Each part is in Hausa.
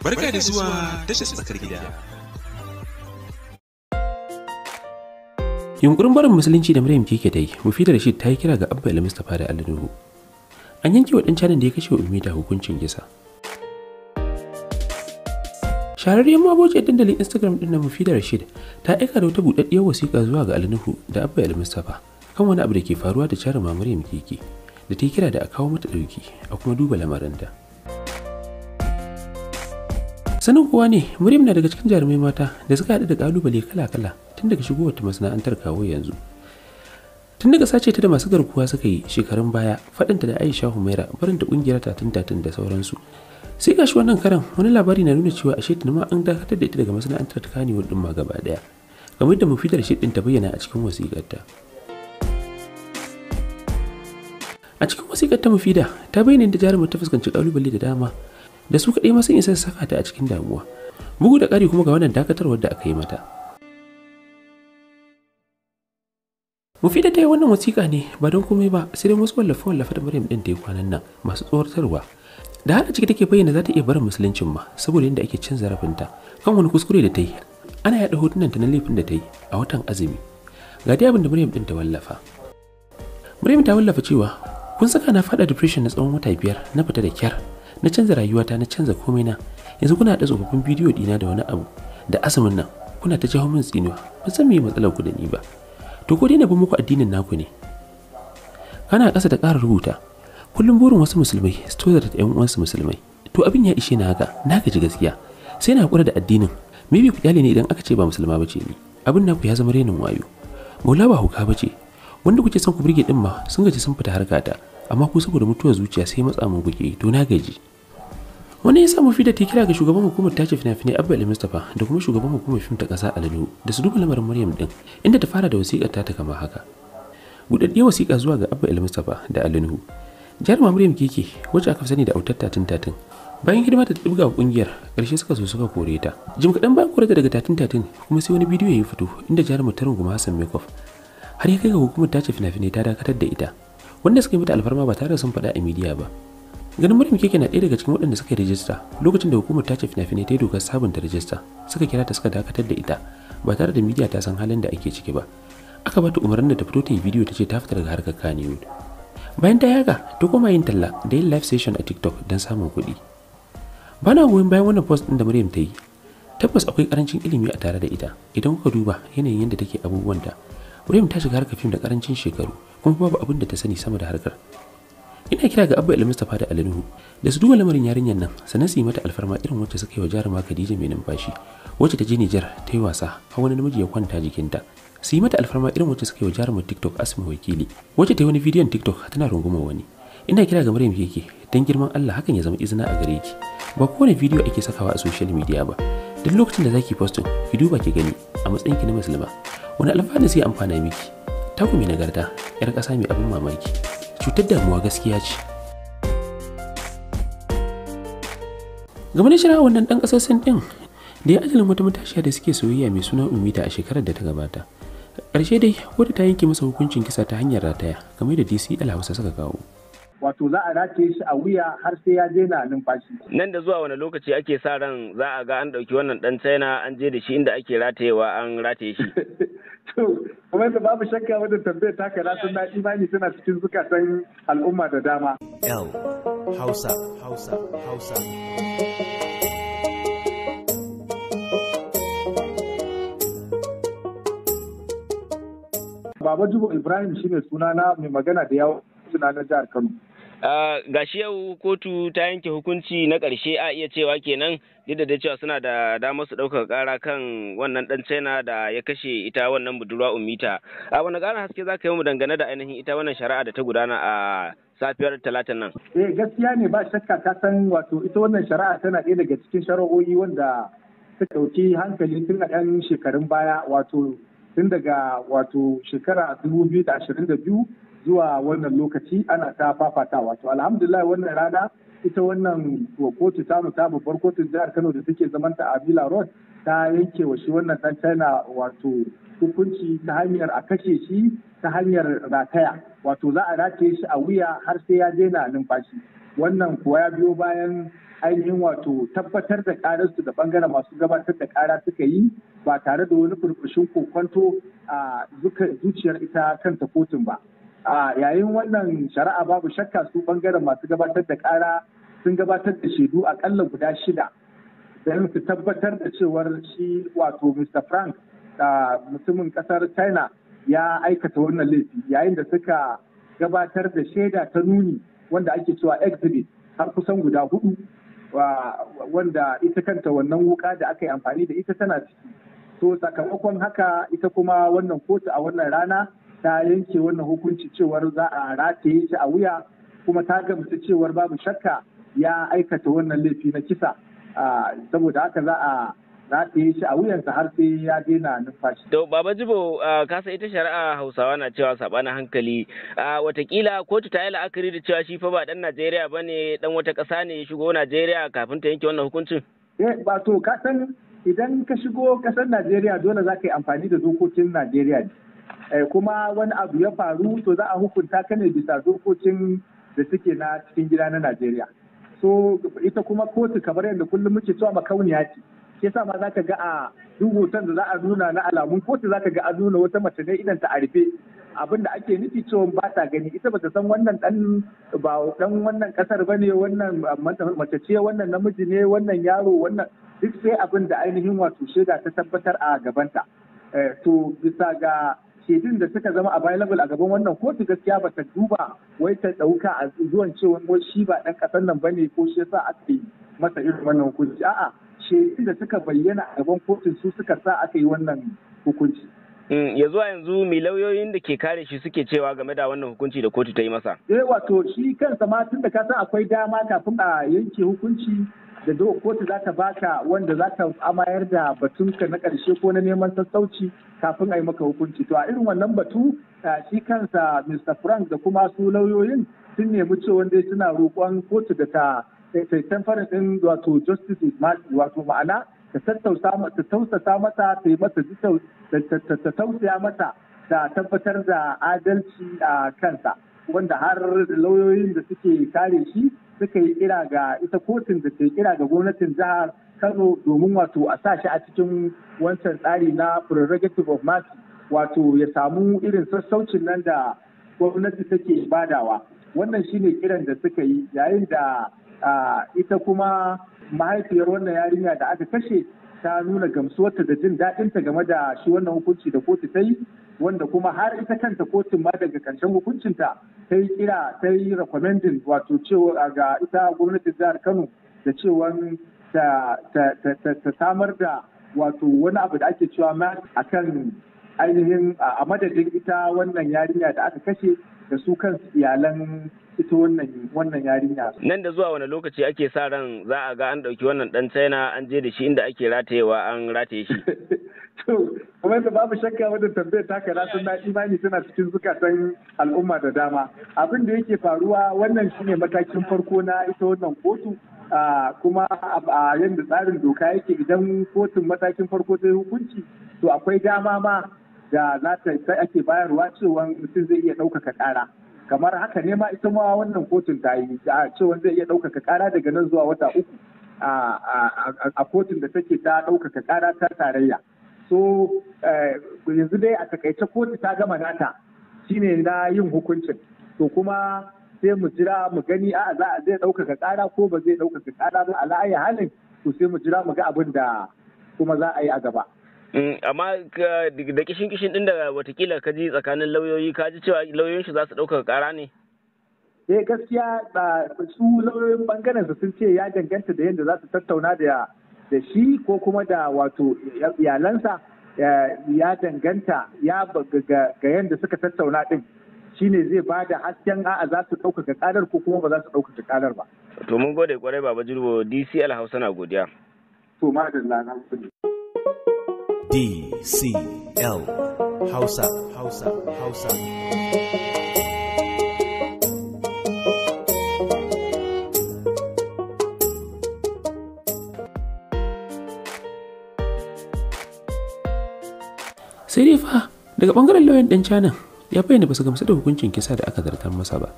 Barka da zuwa tashar tsakar gida. Yunkurin barin musulunci da Maryam keke dai, yi, da Rashid ta yi kira ga Abba Ali Mustapha da Ali Nuhu. An yanke wa ɗan canin da ya kashe Umita hukuncin kisa. Shahararriyar mabociyar dandalin Instagram ɗin na da Rashid ta aika da wata buɗaɗɗiyar wasiƙa zuwa ga Ali Nuhu da Abba Ali Mustapha kan wani abu da ke faruwa da charima Maryam keke da ta yi kira da a kawo mata ɗauki a kuma duba lamarin ta sanin kowa ne muryam na daga cikin jarumai mata da suka haɗu da ƙalubale kala-kala tun daga shigowar ta masana'antar kawo yanzu tun daga sace ta da masu garkuwa suka yi shekarun baya faɗinta da Aisha Humaira barin da ƙungiyar tatin tun da sauransu sai gashi wannan karan wani labari na nuna cewa ashe tunuma an dakatar da ita daga masana'antar ta kanewar ɗin ma gaba ɗaya kamar yadda mufidar shi ɗin ta bayyana a cikin wasiƙarta a cikin wasiƙar ta mufida ta bayyana da jarumar ta fuskanci ƙalubale da dama da su kaɗai ma sun isa saka ta a cikin damuwa bugu da ƙari kuma ga wannan dakatarwar da aka yi mata Mufida ta yi wannan wasiƙa ne ba don komai ba sai dai wasu wallafa wallafa da Maryam ɗin ta ya kwanan nan masu tsoratarwa da haka ciki take bayyana za ta iya barin musuluncin ma saboda yadda ake cin zarafinta kan wani kuskure da ta yi ana yaɗa hotunanta na laifin da ta yi a watan azumi ga dai abin da Maryam ɗin ta wallafa Maryam ta wallafa cewa kun saka na faɗa depression na tsawon wata biyar na fita da kyar na canza rayuwata na canza komai na yanzu kuna da tsofaffin bidiyo dina da wani abu da asumin nan kuna ta jawo min tsinuwa ban san me matsalar ku da ni ba to ko dai na bi muku addinin naku ne kana kasa da ƙara rubuta kullum burin wasu musulmai su tozar da ƴan uwansu musulmai to abin ya ishe na haka na gaji gaskiya sai na kura da addinin maybe ku kyale ne idan aka ce ba musulma bace ni abin naku ya zama renin wayo maula ba hauka bace wanda kuke son ku burge din ma sun gaji sun fita harkata amma ku saboda mutuwar zuciya sai matsa mun kuke to na gaji wani ya samu fi da ta kira ga shugaban hukumar tace fina-finai abu ali mustapha da kuma shugaban hukumar fim ta ƙasa aladu da su duba lamarin maryam din inda ta fara da wasiƙa ta kama haka buɗaɗɗiyar wasiƙa zuwa ga abu ali mustapha da alinu jihar muryam keke wacce aka sani da autar tatin tatin bayan hidima ta ɗibga wa ƙungiyar ƙarshe suka zo suka kore ta jim kaɗan bayan kore ta daga tatin tatin kuma sai wani bidiyo ya yi fito inda jihar mu ta runguma hassan mekof har ya kai ga hukumar tace fina-finai ta dakatar da ita wanda suka yi mata alfarma ba tare da sun faɗa a midiya ba ganin Maryam keke na ɗaya daga cikin waɗanda suka yi rajista lokacin da hukumar ta ce fina-finai ta yi dokar sabunta rajista suka kira ta suka dakatar da ita ba tare da midiya ta san halin da ake ciki ba aka bata umarnin da ta fito ta yi bidiyo ta ce ta fitar daga harkar Kannywood bayan ta yaga ta koma yin talla da yin live session a TikTok don samun kuɗi bana goyon bayan wannan post ɗin da Maryam ta yi tabbas akwai karancin ilimi a tare da ita idan kuka duba yanayin yadda take abubuwanta Maryam ta shiga harkar fim da karancin shekaru kuma babu abin da ta sani sama da harkar ina kira ga abba mustapha da alinuhu da su duba lamarin yarinyar nan sannan su yi mata alfarma irin wacce suka yi wa jaruma khadija mai numfashi wacce ta je nijar ta yi wasa har wani namiji ya kwanta jikinta su yi mata alfarma irin wacce suka yi wa jarumar tiktok asma wakili wacce ta yi wani bidiyon tiktok tana rungumar wani ina kira ga maryam keke don girman allah hakan ya zama izina a gare ki ba kowane bidiyo ake sakawa a social media ba duk lokacin da zaki postin ki duba ki gani a matsayin ki na musulma wani alfanu sai amfana miki taku mai nagarta yar ƙasa mai abin mamaki cutar damuwa gaskiya ce game da shari'a wannan ɗan ƙasar sin ɗin da ya ajiyar wata matashiya da suke soyayya mai suna umita a shekarar da ta gabata ƙarshe dai wadda ta yanke masa hukuncin kisa ta hanyar rataya kamar da dc hausa suka kawo wato za a rataye shi a wuya har sai ya daina numfashi. Nan da zuwa wani lokaci ake sa ran za a ga an ɗauki wannan ɗan China an je da shi inda ake ratayewa an rataye shi. kuma da babu shakka wadda tambayar taka na sun daɗi imani tana cikin zukatan al'umma da dama. L Hausa Hausa Hausa. Baba jibo Ibrahim shine sunana mai magana da yawon suna na jihar Kano. shi yau kotu ta yanke hukunci na ƙarshe a iya cewa kenan yadda da cewa suna da damar su ɗaukar ƙara kan wannan ɗan china da ya kashe ita wannan budurwa umita a wani ƙarin haske za ka yi mu dangane da ainihin ita wannan shari'a da ta gudana a safiyar talatin nan. eh gaskiya ne ba shakka ta san wato ita wannan shari'a tana ɗaya daga cikin shari'o'i wanda ta ɗauki hankali tun a 'yan shekarun baya wato tun daga wato shekara 2022 zuwa wannan lokaci ana ta fafata wato alhamdulillah wannan rana ita wannan kotu ta ta babbar kotun jihar Kano da take zamanta a Villa Road ta yanke wa shi wannan dan China wato hukunci ta hanyar a kashe shi ta hanyar rataya wato za a rataye shi a wuya har sai ya daina numfashi wannan kuwa ya biyo bayan ainihin wato tabbatar da kararsu da bangaren masu gabatar da kara suka yi ba tare da wani furfushin kokonto a zuciyar ita kanta kotun ba a yayin wannan shari'a babu shakka su bangaren masu gabatar da kara sun gabatar da shaidu akalla guda shida don su tabbatar da cewar shi wato mr frank da mutumin kasar china ya aikata wannan laifi yayin da suka gabatar da shaida ta nuni wanda ake cewa exhibit har kusan guda hudu wanda ita kanta wannan wuka da aka yi amfani da ita tana ciki to sakamakon haka ita kuma wannan kotu a wannan rana ta yanke wannan hukunci cewar za a rataye shi a wuya kuma ta gamsu cewar babu shakka ya aikata wannan laifi na kisa ah, saboda haka za a Za yi shi a wuyansa har sai ya daina numfashi. To Baba Jibo ka san ita shari'a Hausawa na cewa na hankali watakila kotu ta yi la'akari da cewa shi fa ba dan Najeriya ba ne dan wata ƙasa ne ya shigo Najeriya kafin ta yanke wannan hukuncin. Eh ba to ka san idan ka shigo ƙasar Najeriya dole za ka yi amfani da dokokin Najeriya ne. Eh, kuma wani abu ya faru to za a hukunta ka ne bisa dokokin da suke na cikin gida na Najeriya. So ita kuma kotu kamar yadda kullum muke cewa makauniya ce. shi yasa ma zaka ga a duk hoton da za a nuna na alamun kotu zaka ga a nuna wata mace ne idan ta a rufe abin da ake nufi cewa ba ta gani ita bata san wannan dan ba dan wannan kasar bane wannan mace ce wannan namiji ne wannan yaro wannan duk sai abin da ainihin wato shaida ta tabbatar a gabanta eh, to bisa ga shaidun da suka zama available a gaban wannan kotu gaskiya ba ta duba wai ta dauka a zuwan cewa shi ba dan kasar nan bane ko shi yasa ake masa irin wannan hukunci a'a shaidun da suka bayyana a gaban kotun su suka sa aka yi wannan hukunci. Mm, ya zuwa yanzu mai lauyoyin da ke kare shi suke cewa game da wannan hukunci da kotu ta yi masa. Eh wato shi kansa ma tun da ka san akwai dama kafin a yanke hukunci da doka kotu za ta baka wanda za ta amayar da batunka na ƙarshe ko na neman sassauci kafin a yi maka hukunci. To a irin wannan batu eh, shi kansa Mr. Frank da kuma su lauyoyin sun nemi cewa wanda suna roƙon kotu da ta Eh, ta farin ɗin, wato justice is mercy wato ma'ana ta tausasa mata ta yi mata ta tausaya mata da tabbatar da adalci a kansa wanda har lauyoyin da suke kare shi suka yi kira ga ita kotun da ta kira ga gwamnatin jihar Kano domin wato a sa shi a cikin wancan tsari na prerogative of mercy wato ya samu irin sassaucin nan da gwamnati take badawa wannan shine kiran da suka yi yayin da ita kuma mahaifiyar wannan yarinya da aka kashe ta nuna gamsuwarta da jin daɗinta game da shi wannan hukunci da kotu ta yi wanda kuma har ita kanta kotun ma daga ƙarshen hukuncinta ta yi kira ta yi recommending wato cewa ga ita gwamnatin jihar kano da cewa ta samar da wato wani abu da ake cewa ma a kan ainihin a madadin ita wannan yarinya da aka kashe da su kansu iyalan ita wannan wannan yarinya. Nan da zuwa wani lokaci ake sa ran za a ga an ɗauki wannan ɗan China an je da shi inda ake ratayewa an rataye shi. kuma da babu shakka wadda tambayar taka na sun na imani tana cikin zukatan al'umma da dama abin da yake faruwa wannan shine matakin farko na ita wannan kotu kuma a yadda tsarin doka yake idan kotun matakin farko ta hukunci to akwai dama ma da za ta ake bayarwa cewa mutum zai iya ɗaukaka ƙara kamar haka ne ma ita ma wannan kotun ta yi a cewa zai iya ɗaukaka kara daga nan zuwa wata uku a kotun da take ta ɗaukaka kara ta tarayya so eh, yanzu dai a takaice kotu ta gama nata shine na yin hukuncin to kuma sai mu jira mu gani a za a zai ɗaukaka kara ko ba zai ɗaukaka kara ba a la'ayi halin to sai mu jira mu ga abin da kuma za a yi a gaba. Mm, amma da kishin kishin din da watakila ka ji tsakanin lauyoyi ka ji cewa lauyoyin shi za su ɗaukaka ƙara ne eh gaskiya su lauyoyin bangaren su sun ce ya danganta da yadda za su tattauna da da shi ko kuma da wato iyalansa eh, ya danganta ya ga yadda suka tattauna din shine zai ba da hasken a'a za su ɗaukaka ƙarar ko kuma ba za su ɗaukaka ƙarar ba. To mun gode kwarai Baba Jirbo DCL Hausa na godiya. To ma da lana. DCL Hausa Hausa Hausa sai dai fa daga bangaren lauyan ɗan canan ya bayyana ba su gamsu da hukuncin kisa da aka zartar masa ba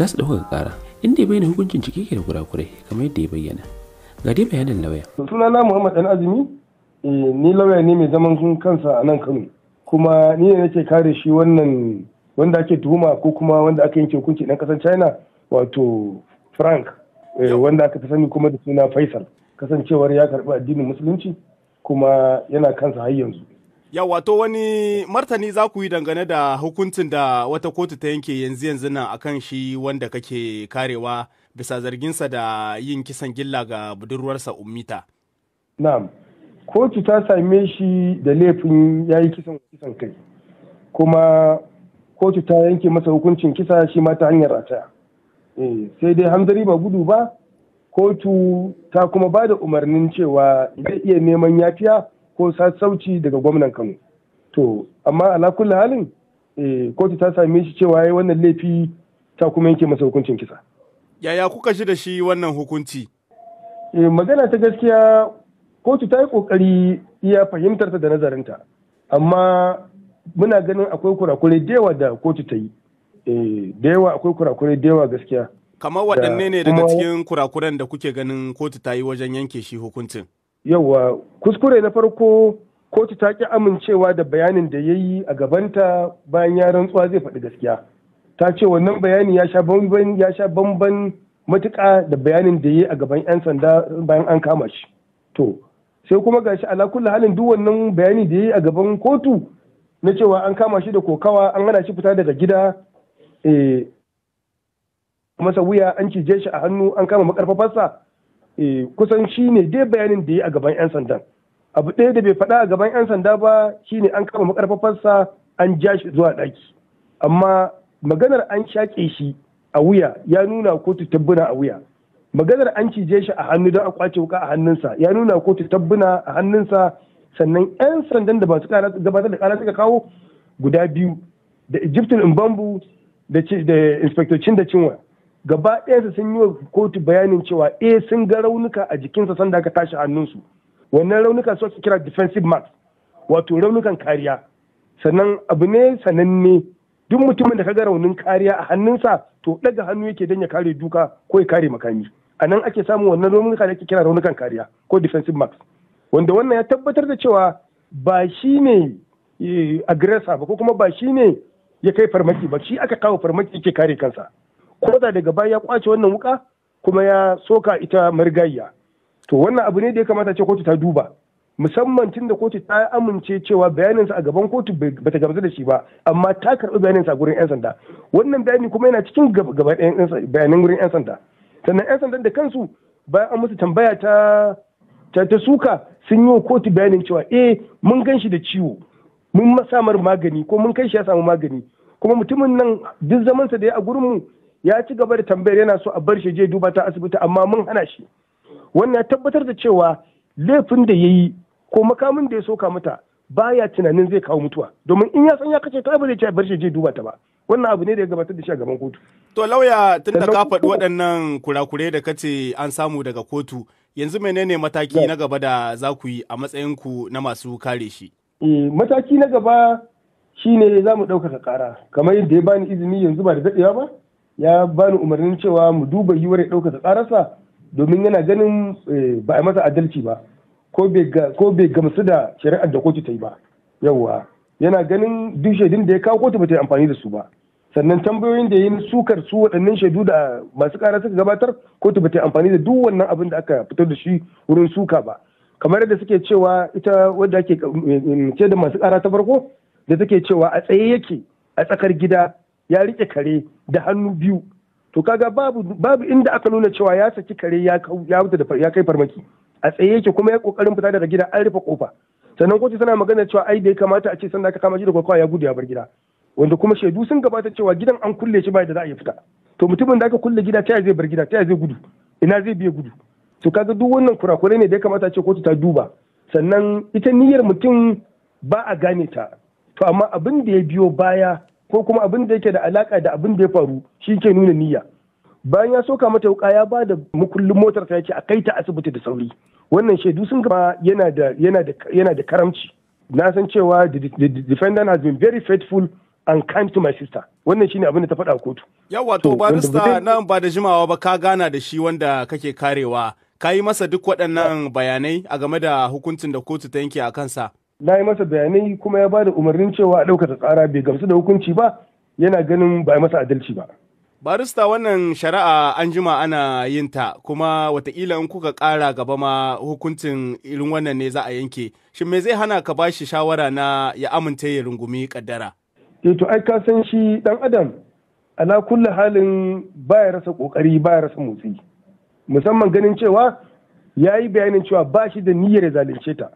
za su ga ƙara inda ya bayyana hukuncin cike da kurakurai kamar yadda ya bayyana ga dai bayanin lauya sunana muhammad dan azumi Eh, ni lauya ne mai zaman kansa a nan Kano kuma ni ne nake kare shi wannan wanda ake tuhuma ko kuma wanda aka yanke hukunci dan kasan China wato Frank eh, wanda aka ta sani kuma da suna Faisal kasancewar ya karbi addinin musulunci kuma yana kansa har yanzu ya wato wani martani za ku yi dangane da hukuncin da wata kotu ta yanke yanzu yanzu nan akan shi wanda kake karewa bisa zarginsa da yin kisan gilla ga budurwarsa ummita na'am kotu ta same shi da laifin ya yi kisan kai kuma kotu ta yanke masa hukuncin kisa shi ma ta hanyar rataya eh, sai dai hanzari ba gudu ba kotu ta kuma ba da umarnin cewa zai iya neman yafiya ko sassauci daga gwamnan kano to amma ala halin eh, kotu ta same shi cewa ya wannan laifi ta kuma yanke masa hukuncin kisa yaya kuka shi da shi wannan hukunci eh, magana ta gaskiya kotu ta yi kokari iya ta da nazarinta amma muna ganin akwai kurakure da yawa da kotu ta yi eh, da yawa akwai kurakure da yawa gaskiya kamar waɗanne ne daga cikin kurakuran da kuke ganin kotu ta yi wajen yanke shi hukuncin yawa kuskure na farko kotu ta ki amincewa da bayanin da ya yi a gabanta bayan ya rantsuwa zai faɗi gaskiya ta ce wannan bayani ya sha bamban ya sha bamban matuƙa da bayanin da ya yi a gaban 'yan sanda bayan an kama shi to sai kuma gashi ala kulli halin duk wannan bayani da ya yi a gaban kotu na cewa an kama shi da kokawa an hana shi fita daga gida eh masa wuya an cije shi a hannu an kama makarfafarsa eh, Kusan kusan ne dai bayanin da yayi a gaban yan sanda. abu ɗaya da bai faɗa a gaban yan sanda ba shine an kama makarfafarsa an ja shi zuwa ɗaki amma maganar an shaƙe shi a wuya ya nuna kotu tabbuna a wuya maganar an cije shi a hannu don a kwace wuka a hannunsa ya nuna kotu tabbuna a hannunsa sannan 'yan sandan da ba su gabatar da kara suka kawo guda biyu da egyptian imbambu da inspector cin da cinwa gaba ɗayansa sun yi wa kotu bayanin cewa e sun ga raunuka a jikinsa sanda aka tashi hannunsu wannan raunuka su ake kira defensive marks wato raunukan kariya sannan abu ne sananne duk mutumin da ka ga raunin kariya a hannunsa to ɗaga hannu yake don ya kare duka ko ya kare makami. a nan ake samun wannan raunuka da ake kira raunukan kariya ko defensive marks wanda wannan ya tabbatar da cewa ba shi ne e, aggressor ba ko kuma ba shi ne ya kai farmaki ba shi aka kawo farmaki yake kare kansa ko da daga baya ya kwace wannan wuka kuma ya soka ita marigayya to wannan abu ne da ya kamata ce kotu ta duba musamman tun da kotu ta amince cewa bayaninsa a gaban kotu ba ta gamsu da shi ba amma ta karɓi bayaninsa a gurin 'yan sanda wannan bayani kuma yana cikin gaba bayanin gurin 'yan sanda sannan 'yan sandan da kansu bayan an musu tambaya ta ta suka sun yi wa kotu bayanin cewa eh mun gan shi da ciwo mun samar magani ko mun kai shi ya samu magani kuma mutumin nan duk zamansa da ya a gurinmu ya ci gaba da tambayar yana so a bar shi je duba ta asibiti amma mun hana shi wannan ya tabbatar da cewa laifin da ya yi ko makamin da ya soka mata baya tunanin zai kawo mutuwa domin in ya san ya kace ta ba zai ce bar shi je duba ta ba wannan abu ne da ya gabatar da shi a gaban kotu. To lauya tun da ka faɗi waɗannan kurakurai da kace an samu daga kotu yanzu menene mataki na gaba da za ku yi a matsayin ku na masu kare shi? Eh, mataki na gaba shi ne za mu ɗaukaka ƙara kamar yadda ya bani izini yanzu ba da daɗewa ba ya bani umarnin cewa mu duba yiwuwar ya ɗaukaka ƙararsa domin yana ganin eh, ba a masa adalci ba ko bai gamsu da shari'ar da kotu ta yi ba yawwa yana ganin duk shaidun da ya kawo kotu ba amfani da su ba sannan tambayoyin da yin sukar su waɗannan shaidu da masu ƙara suka gabatar kotu ba ta amfani da duk wannan abin da aka fitar da shi wurin suka ba kamar yadda suke cewa ita wadda ake mm, ce da masu ƙara ta farko da take cewa a tsaye yake a tsakar gida ya riƙe kare da hannu biyu to kaga babu babu inda aka nuna cewa ya saki kare ya ya kai farmaki a tsaye yake kuma ya kokarin fita daga gida an rufe kofa sannan kotu tana magana cewa ai da ya kamata a ce sanda aka kama shi da kwakwa ya gudu ya bar gida wanda kuma shaidu sun gabata cewa gidan an kulle shi bai da za a iya fita to mutumin da aka kulle gida ta zai bar gida ta zai gudu ina zai biya gudu to kaga duk wannan kurakurai ne da ya kamata a ce kotu ta duba sannan ita niyyar mutum ba a gane ta to amma abin da ya biyo baya ko kuma abin da yake da alaka da abin da ya faru shi ke nuna niyya bayan ya soka mata wuka ya ba da mukullin motar ta yace a kai ta asibiti da sauri wannan shaidu sun gaba yana da karamci na san cewa the defendant has been very faithful and kind to my sister wannan shine abin da ta faɗa kotu yawa to barista nan ba da jimawa ba ka gana da shi wanda kake karewa ka yi masa duk waɗannan bayanai a game da hukuncin da kotu ta yanke a kansa na yi masa bayanai kuma ya ba da umarnin cewa a ɗaukata tsara bai gamsu da hukunci ba yana ganin ba masa adalci ba barista wannan shari'a an jima ana yin ta kuma watakila in kuka kara gaba ma hukuncin irin wannan ne za a yanke shi me zai hana ka ba shi shawara na ya amince ya rungumi kaddara eh, to ai ka san shi dan adam ala kulli halin baya rasa kokari baya rasa motsi musamman ganin cewa ya yi bayanin cewa ba shi da niyyar zalunce ta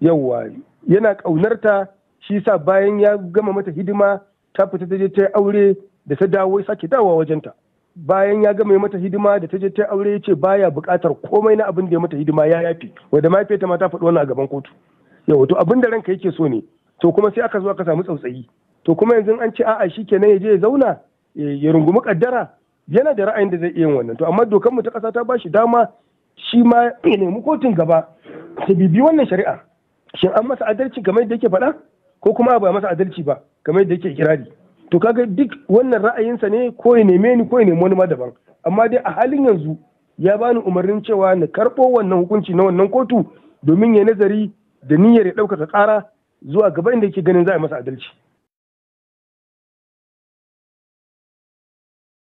yawwa yana ƙaunarta shi sa bayan ya gama mata hidima ta fita ta je ta aure da ta dawo ya sake dawowa wajenta bayan ya gama mata hidima da ta je ta aure ya ce baya buƙatar komai na abin da ya mata hidima ya yafi wanda mahaifiyarta ma ta faɗi wannan a gaban kotu yau to abin da ranka yake so ne to kuma sai aka zo aka samu tsautsayi to kuma yanzu an ce a'a shi kenan ya je ya zauna ya rungumi kaddara yana da ra'ayin da zai iya yin wannan to amma dokar mu ta ƙasa ta bashi dama shi ma ya nemi kotun gaba ta bibi wannan shari'a shin an masa adalci kamar yadda yake faɗa ko kuma ba masa adalci ba kamar yadda yake kirari to kaga duk wannan ra'ayinsa ne ko ya neme ni ko ya nemi wani ma daban amma dai a halin yanzu ya bani umarnin cewa na karɓo wannan hukunci na wannan kotu domin ya nazari da niyyar ya ɗaukaka ƙara zuwa gaba inda yake ganin za a masa adalci.